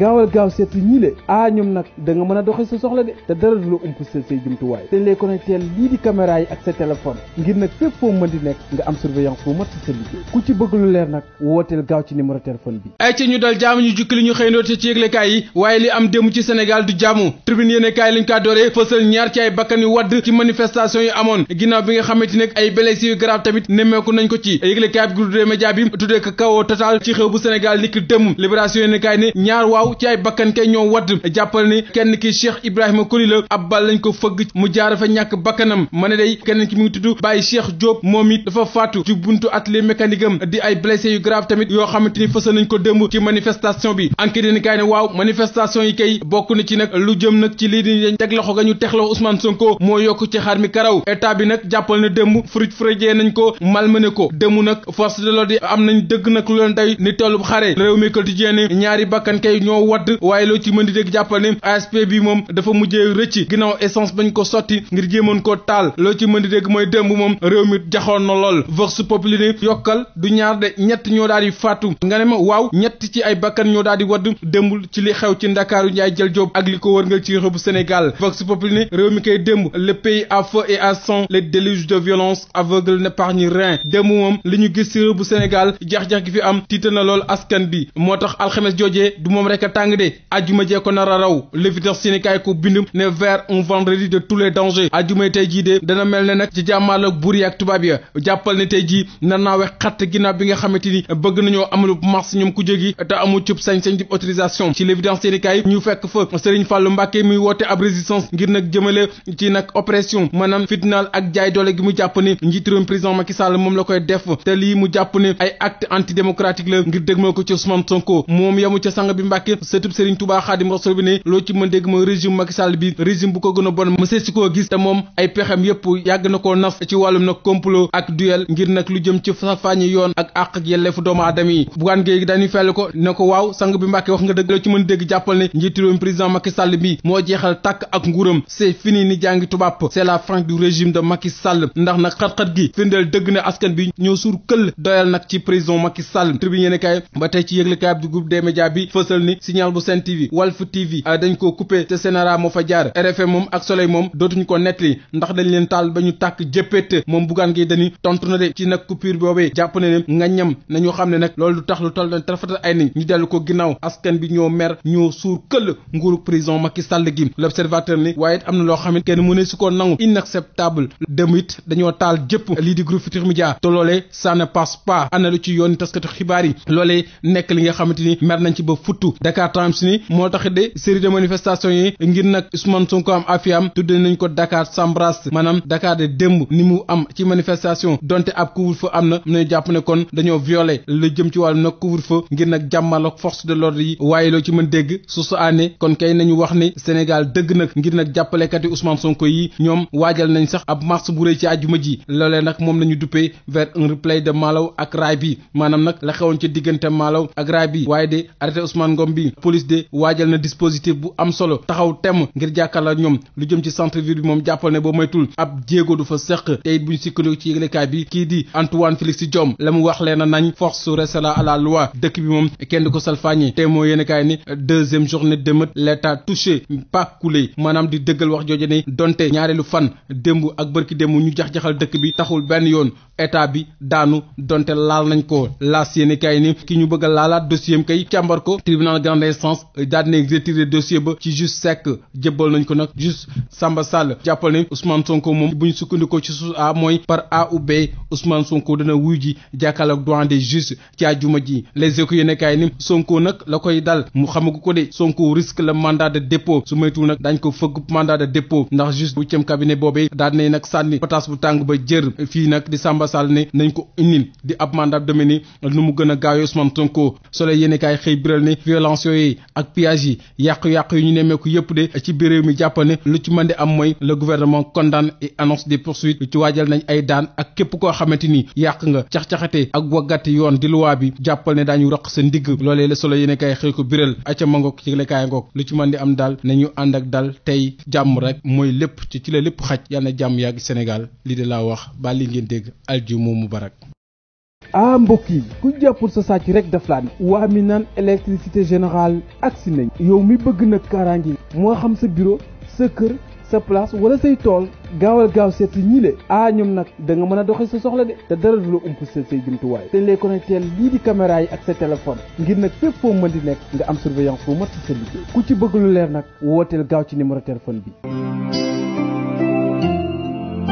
gaawal gaaw seet si ñii ah, nag da nga mën a doxee sa soxla de te dara du la umpaseel say jumtuwaay dañ lay connecté lii di caméra yi ak sa téléphone ngir nag fépp foo mën di nekk nga am surveillance bu mat si sa liggéey ku ci bëgg lu leer nag wooteel gaaw ci numéro téléphone bi ay ci ñu dal jaamu ñu jukki li ñu xëy ci yëglekaay yi waaye li am démb ci Sénégal du jaamu tribune yéenekaay lañ kaa dooree fësal ñaar ci ay bakkan yu wadd ci manifestation bi nga xamante nag ay blessés yu grave tamit nemmeeku nañ ko ci yëglekaay bi bu Sénégal niki démb libération waaw ci ay bakkan kay ñoo wadd jàppal ni kenn ki Cheikh Ibrahima Koli la ab bal lañ ko fëgg mu jaara fa ñàkk bakkanam ma ne day kenn ki mu ngi tudd Baye Cheikh Diop moom it dafa faatu ci buntu atelier mécanique am di ay blessé yu grave tamit yoo xamante ni fësal nañ ko démb ci manifestation bi enquête ni kaay ne waaw manifestation yi kay bokk na ci nag lu nag ci lii di teg loxo ga ñu teg loxo Ousmane Sonko moo yokk ci xaar mi karaw état bi nag jàppal na démb fruit frajee nañ ko malmené ko démb nag force de l'ordre am nañ dëgg nag lu leen day ni tollu ñoo wadd waaye loo ci mën di dégg jàppal ne ASP bi moom dafa mujjee rëcc ginnaaw essence bañ ko sotti ngir jéemoon koo taal loo ci mën di dégg mooy démb moom réew mi jaxoon na lool vox populi ne yokkal du ñaar de ñett ñoo daal di faatu nga ne ma waaw ñett ci ay bakkan ñoo daal di wadd démbul ci li xew ci ndakaaru njaay jël job ak li ko wër nga ci réewu Sénégal vox populi ne réew mi koy démb le pays à feu et à sang les déluges de violence aveugle n'épargne rien démb moom li ñu gis ci réewu Sénégal jax-jax gi fi am tiital na lool askan bi moo tax alxames rek tàng de ajuma jee ko nar a raw l'évidence yéenekaay ko bind ne vers un vendredi de tous les dangers ajumay tey jii de dana mel ne nag ci jàmmaaloog buur yi ak tubaab ya jàppal ne tey jii nar naa wex xatt bi nga xamante ni bëgg nañoo amalub mars ñoom ku jógi te amul cub sañ-sañ di autorisation ci l'évidence yéenekaay ñu fekk fa Serigne Fallou Mbacké muy woote ab résistance ngir nag jëmale ci nag oppression maanaam fitnaal ak jaay doole gi mu jàpp ne njiitu réew président Macky Mbàkke sëtub Serigne Touba Xaadim Rasul bi ne loo ci mën dégg mooy régime Macky Sall bi régime bu ko gën a bon mësee si koo gis te moom ay pexem yépp yàgg na koo nas ci wàllum nag complot ak duel ngir nag lu jëm ci safañi yoon ak ak yelleefu doomu aadama yi bugaan géey dañuy fell ko ne ko waaw sang bi Mbàkke wax nga dëgg loo ci mën dégg jàppal ne njiitu réew président Macky Sall bi moo jeexal tàkk ak nguuram c'est fini ni jàngi tubaab c'est la fin du régime de Macky Sall ndax nag xat-xat bi ñoo suur këll doyal nag ci président Macky Sall tribune yéene kaay tamit signal bu Sen TV Walf TV ah, dañ koo coupé te Sénéra moo fa jaar RFM moom ak Soleil moom dootuñu ko nettali ndax dañ leen taal ba ñu tàkk jëppét moom buggaan gi dañuy tontu na de ci nag coupure boobee jàpp ne ne nga ñam nañu xam ne nag loolu tax lu toll na trafatal ay nañ ñu dellu ko ginnaaw askan bi ñoo mer ñoo suur këll nguuru ma Macky Sall gi l'observateur ni waaye it am na loo xam ne kenn mu ne su ko nangu inacceptable dem it dañoo taal jëpp lii di groupe Futurs Médias te loolee ça ne passe pas ana lu ci yoon taskatu xibaar yi loolee nekk li nga xamante ni mer nañ ci ba Dakar Times ni moo tax de série de manifestation yi ngir nag Ousmane Sonko am afiam tuddee nañ ko Dakar Sambras maanaam Dakar de démb ni mu am ci manifestation donte ab couvre-feu am na ñu jàpp ne kon dañoo violé lu jëm ci wàllu nag couvre-feu ngir nag jàmmal ak force de l'ordre yi waaye loo ci mën dégg soo su àndee kon kay nañu wax ni Sénégal dëgg nag ngir nag jàppalekat yi Ousmane Sonko yi ñoom waajal nañ sax ab marche bu rëy ci àjjuma ji loolee nag moom la ñu duppee vers un replay de Malaw ak raay bi maanaam nag la ci diggante Malaw ak bi waaye borom bi police de waajal na dispositif bu am solo taxaw temm ngir jàkkaarloo ak ñoom lu jëm ci centre ville bi moom jàppal ne boo moytul ab jéego du fa seq te it buñ sukkandiku ci yëglekaay bi kii di Antoine Félix Diome la mu wax leen nañ force su restera à la loi dëkk bi moom kenn du ko salfaañe te moo yéen kaay ni deuxième journée démët l'état touché pas coulé maanaam di dëggal wax jooju ne donte ñaareelu fan démb ak bërki démb ñu jax-jaxal dëkk bi taxul benn yoon état bi daanu donte laal nañ ko laas yéen kaay ni ki ñu bëgg a en grande instance daal dinañ retiré dossier ba ci juge Seck jébbal nañ ko nag juge Samba Sall jàppal ne Ousmane Sonko moom bu ñu sukkandikoo ci suuf a mooy par A ou B Ousmane Sonko dana wuyu ji jàkkaarloog doyen des juges ci àjjuma ji les écu yéen kaay ni Sonko nag la koy dal mu xamagu ko de Sonko risque le mandat de dépôt su moytuwul nag daañu ko fëgg mandat de dépôt ndax juge bu cëm cabinet boobee daal nag sànni pataas bu tàng ba jër fii nag di Samba Sall ne nañ ko di ab mandat demee ni a violence yooyu ak pillage yi yàqu-yàqu yi ñu nemmeeku yëpp de ci biir mi jàpp ne lu ci mën di am mooy le gouvernement condamne et annonce des poursuites ci waajal nañ ay daan ak képp koo xamante ni yàq nga cax-caxate ak waggati yoon di luwaa bi jàppal ne daañu raq sa ndigg loolee la solo yéene kaay xëy ko biral aca mangook ci la kaay ngoog lu ci man di am daal nañu ànd ak dal tey jàmm rek mooy lépp ci ci la lépp xaj yàlla jàmm yàgg Sénégal lii de laa wax ba li ngeen dégg aljuma mubarak ah mbokk yi ku jàppul sa sàcc rek daf laa ne waa mi naan électricité générale si nañ yow mi bëgg nag kaaraange yi moo xam sa bureau sa kër sa place wala say tool gaawal gaaw seet si ñii le ah ñoom nag da nga mën a doxe sa soxla de te dara du la umpaseel say jumtuwaay te ñu lay connecté lii di caméra yi ak sa téléphone ngir nag fépp foo mën di nekk nga am surveillance bu mat si sa liggéey ku ci bëgg leer nag wooteel gaaw ci numéro téléphone bi